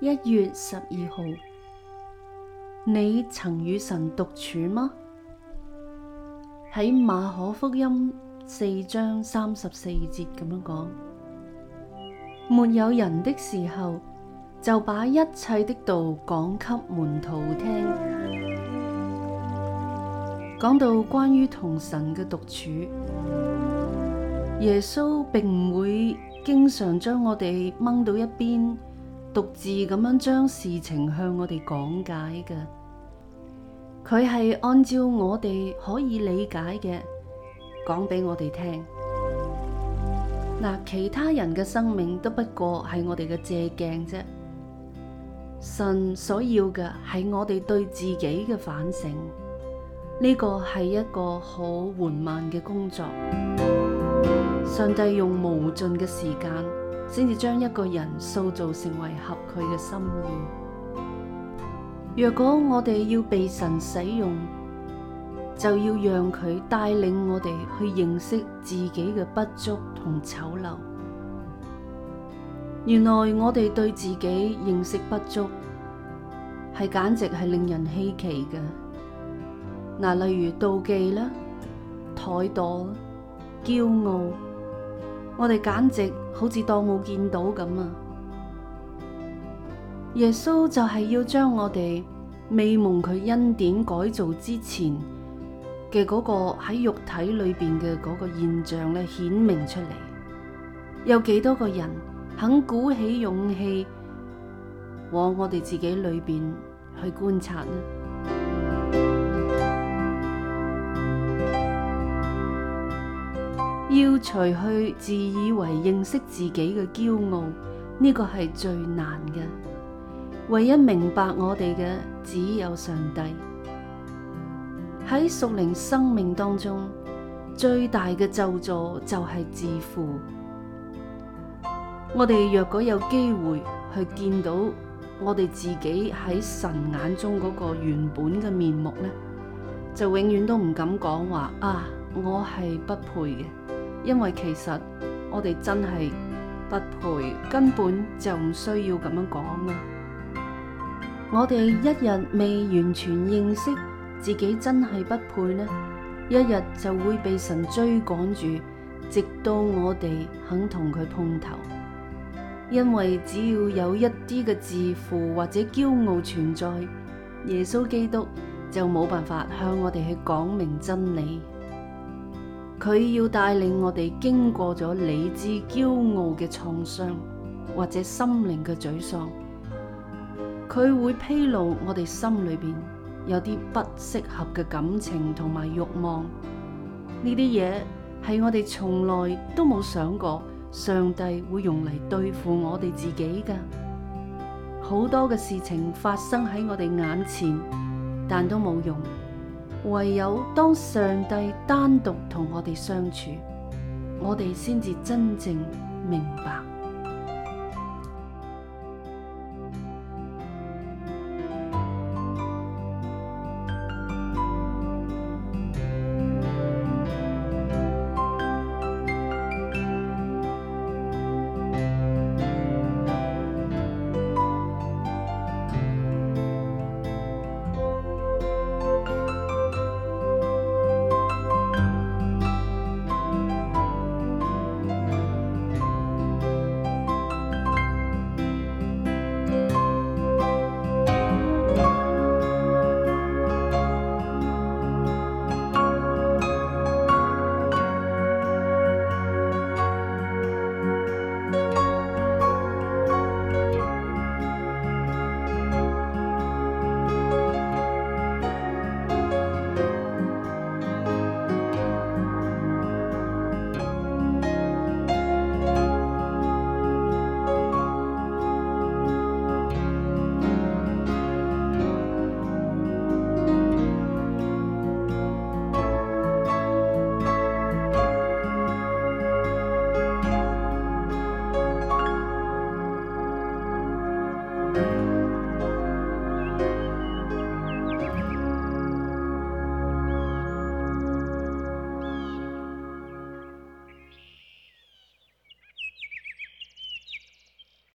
一月十二號，你曾與神獨處嗎？喺馬可福音四章三十四節咁樣講，沒有人的時候，就把一切的道講給門徒聽。講到關於同神嘅獨處，耶穌並唔會。經常將我哋掹到一邊，獨自咁樣，將事情向我哋講解嘅，佢係按照我哋可以理解嘅講俾我哋聽。嗱、呃，其他人嘅生命都不過係我哋嘅借鏡啫。神所要嘅係我哋對自己嘅反省，呢個係一個好緩慢嘅工作。上帝用無盡嘅時間，先至將一個人塑造成為合佢嘅心意。若果我哋要被神使用，就要讓佢帶領我哋去認識自己嘅不足同醜陋。原來我哋對自己認識不足，係簡直係令人稀奇嘅。嗱，例如妒忌啦、怠惰、驕傲。我哋簡直好似當冇見到咁啊！耶穌就係要將我哋未蒙佢恩典改造之前嘅嗰個喺肉體裏邊嘅嗰個現象咧顯明出嚟。有幾多個人肯鼓起勇氣往我哋自己裏邊去觀察呢？要除去自以為認識自己嘅驕傲，呢個係最難嘅。唯一明白我哋嘅只有上帝。喺屬靈生命當中，最大嘅咒詛就係自負。我哋若果有機會去見到我哋自己喺神眼中嗰個原本嘅面目呢，就永遠都唔敢講話啊！我係不配嘅。因為其實我哋真係不配，根本就唔需要咁樣講。我哋一日未完全認識自己，真係不配呢，一日就會被神追趕住，直到我哋肯同佢碰頭。因為只要有一啲嘅自負或者驕傲存在，耶穌基督就冇辦法向我哋去講明真理。佢要帶領我哋經過咗理智驕傲嘅創傷，或者心靈嘅沮喪。佢會披露我哋心裏邊有啲不適合嘅感情同埋慾望。呢啲嘢係我哋從來都冇想過，上帝會用嚟對付我哋自己噶。好多嘅事情發生喺我哋眼前，但都冇用。唯有當上帝單獨同我哋相處，我哋先至真正明白。